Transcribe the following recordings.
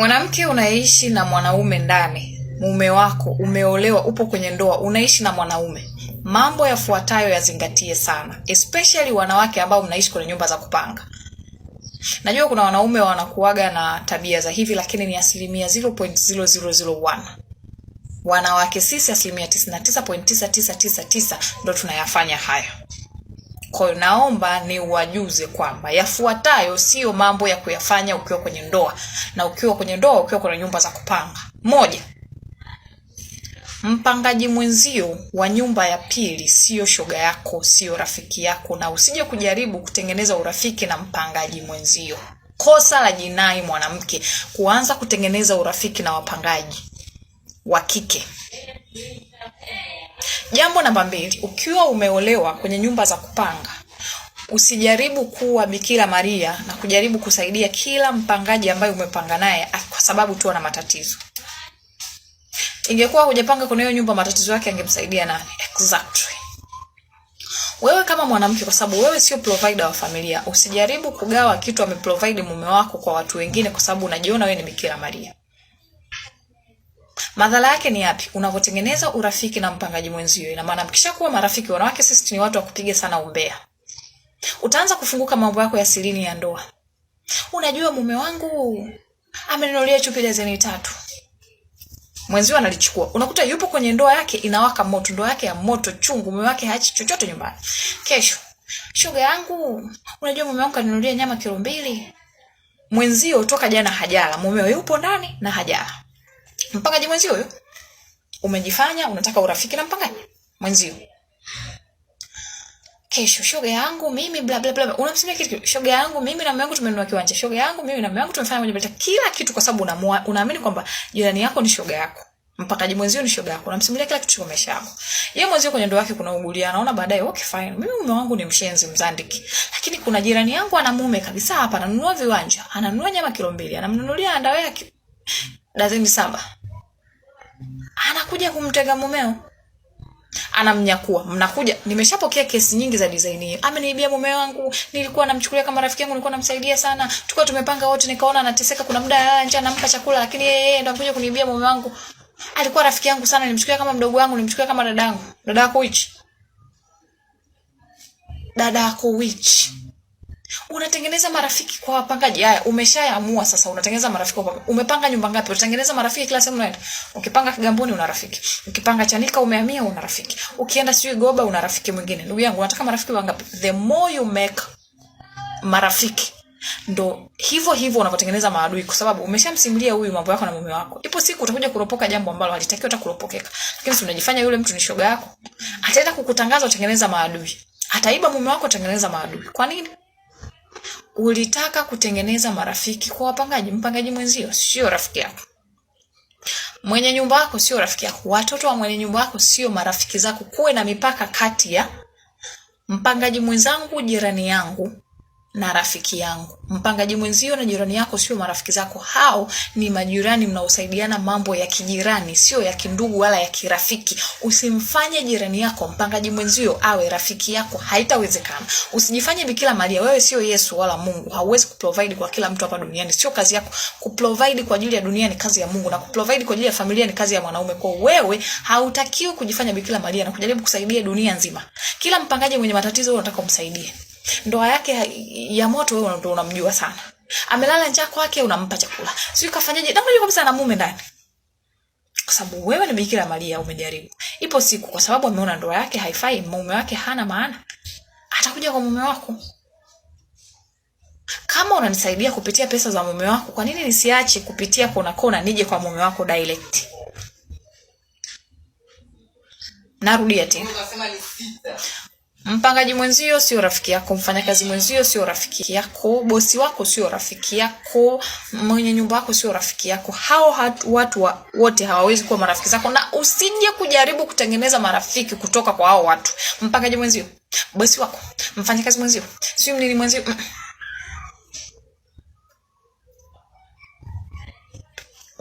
Mwanamke unaishi na mwanaume ndani, mume wako, umeolewa, upo kwenye ndoa, unaishi na mwanaume, mambo yafuatayo yazingatie sana, especially wanawake ambao mnaishi kwenye nyumba za kupanga. Najua kuna wanaume wanakuaga na tabia za hivi, lakini ni asilimia 0.0001. Wanawake sisi asilimia 99.9999 ndo tunayafanya haya. Kwa hiyo naomba ni uwajuze kwamba yafuatayo sio mambo ya kuyafanya ukiwa kwenye ndoa na ukiwa kwenye ndoa ukiwa kwenye nyumba za kupanga. Moja, mpangaji mwenzio wa nyumba ya pili sio shoga yako, sio rafiki yako, na usije kujaribu kutengeneza urafiki na mpangaji mwenzio. Kosa la jinai mwanamke kuanza kutengeneza urafiki na wapangaji wa kike. Jambo namba mbili, ukiwa umeolewa kwenye nyumba za kupanga, usijaribu kuwa Bikira Maria na kujaribu kusaidia kila mpangaji ambaye umepanga naye kwa sababu tu ana matatizo. Ingekuwa hujapanga kwenye hiyo nyumba, matatizo yake angemsaidia nani? Exactly. Wewe kama mwanamke, kwa sababu wewe sio provider wa familia, usijaribu kugawa kitu ameprovide mume wako kwa watu wengine, kwa sababu unajiona wewe ni Bikira Maria. Madhara yake ni yapi? Unavyotengeneza urafiki na mpangaji mwenzio. Ina maana mkishakuwa marafiki, wanawake sisi ni watu wa kupiga sana umbea. Utaanza kufunguka mambo yako ya sirini ya ndoa. Unajua mume wangu amenunulia chupi dazeni tatu. Mwenzio analichukua. Unakuta yupo kwenye ndoa yake inawaka moto, ndoa yake ya moto chungu, mume wake haachi chochote nyumbani. Kesho, shoga yangu, unajua mume wangu kaninunulia nyama kilo mbili. Mwenzio toka jana hajala, mumeo yupo ndani na hajala. Mpangaji mwenzio huyo umejifanya unataka urafiki na mpangaji mwenzio. Kesho shoga yangu mimi bla bla bla, unamsemea kitu. Shoga yangu mimi na mume wangu tumenunua kiwanja, shoga yangu mimi na mume wangu tumefanya kwenye bila kila kitu, kwa sababu unaamua unaamini kwamba jirani yako ni shoga yako, mpakaji mwenzio ni shoga yako, unamsimulia kila kitu kwa maisha yako. Yeye mwenzio kwenye ndoa yake kuna ugulia, anaona baadaye, okay fine, mimi mume wangu ni mshenzi mzandiki, lakini kuna jirani yangu ana mume kabisa hapa, ananunua viwanja, ananunua nyama kilo mbili, anamnunulia andawe yake dazeni saba anakuja kumtega mumeo, anamnyakua, mnakuja. Nimeshapokea kesi nyingi za design hiyo, ameniibia mume wangu, nilikuwa namchukulia kama rafiki yangu, nilikuwa namsaidia sana, tulikuwa tumepanga wote, nikaona anateseka, kuna muda njaa, nampa chakula, lakini yeye ndo amekuja kuniibia mume wangu. Alikuwa rafiki yangu sana, nilimchukulia kama mdogo wangu, nilimchukulia kama dadangu. Dada yako wichi, dada yako wichi Unatengeneza marafiki kwa wapangaji. Haya, umeshaamua sasa, unatengeneza marafiki kwa wapangaji. umepanga nyumba ngapi? Utatengeneza marafiki kila sehemu unaenda. Ukipanga Kigamboni una rafiki, ukipanga Chanika umehamia una rafiki, ukienda sijui Goba una rafiki mwingine. Ndugu yangu, unataka marafiki wangapi? The more you make marafiki ndo hivyo hivyo unavyotengeneza maadui, kwa sababu umeshamsimulia huyu mambo yako na mume wako. Ipo siku utakuja kuropoka jambo ambalo halitakiwi hata kuropokeka, lakini si unajifanya yule mtu ni shoga yako. Ataenda kukutangaza, utengeneza maadui. Ataiba mume wako, utengeneza maadui. Kwa nini? ulitaka kutengeneza marafiki kwa wapangaji. Mpangaji mwenzio sio rafiki yako, mwenye nyumba wako sio rafiki yako, watoto wa mwenye nyumba wako sio marafiki zako. Kuwe na mipaka kati ya mpangaji mwenzangu, jirani yangu na rafiki yangu. Mpangaji mwenzio na jirani yako sio marafiki zako, hao ni majirani mnaosaidiana mambo ya kijirani, sio ya kindugu wala ya kirafiki. Usimfanye jirani yako mpangaji mwenzio awe rafiki yako, haitawezekana. Usijifanye Bikira Maria, wewe sio Yesu wala Mungu. Hauwezi kuprovide kwa kila mtu hapa duniani, sio kazi yako. Kuprovide kwa ajili ya dunia ni kazi ya Mungu, na kuprovide kwa ajili ya familia ni kazi ya mwanaume. Kwa wewe hautakiwi kujifanya Bikira Maria na kujaribu kusaidia dunia nzima. Kila mpangaji mwenye matatizo unataka umsaidie ndoa yake ya moto, wewe ndo unamjua sana. Amelala njaa kwake, unampa chakula, sio kafanyaje? Na mjua kabisa ana mume ndani, kwa sababu wewe ni Bikira Maria. Umejaribu, ipo siku, kwa sababu ameona ndoa yake haifai, mume wake hana maana, atakuja kwa mume wako. Kama unanisaidia kupitia pesa za mume wako, kwa nini nisiache kupitia kona kona, nije kwa mume wako direct? Narudia tena Mpangaji mwenzio sio rafiki yako, mfanyakazi mwenzio sio rafiki yako, bosi wako sio rafiki yako, mwenye nyumba wako sio rafiki yako. Hao watu wa, wote hawawezi kuwa marafiki zako, na usije kujaribu kutengeneza marafiki kutoka kwa hao watu. Mpangaji mwenzio, bosi wako, mfanyakazi mwenzio, sio mnini mwenzio. Mm.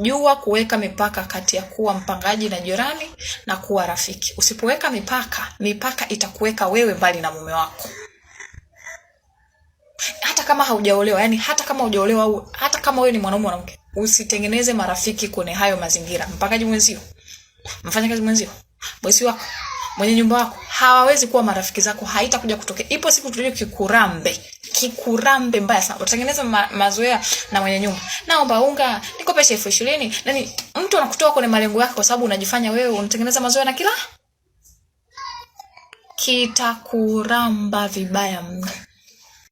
Jua kuweka mipaka kati ya kuwa mpangaji na jirani na kuwa rafiki. Usipoweka mipaka, mipaka itakuweka wewe mbali na mume wako, hata kama haujaolewa. Yani hata kama hujaolewa au hata kama wewe ni mwanaume mwanamke, usitengeneze marafiki kwenye hayo mazingira. Mpangaji mwenzio, mfanyakazi mwenzio, bosi wako mwenye nyumba wako hawawezi kuwa marafiki zako, haitakuja kutokea. Ipo siku tulio kikurambe, kikurambe mbaya sana, utatengeneza ma mazoea na mwenye nyumba, naomba unga, nikopeshe elfu ishirini. nani, mtu anakutoa kwenye malengo yake, kwa sababu unajifanya wewe unatengeneza mazoea na kila kitakuramba vibaya mno.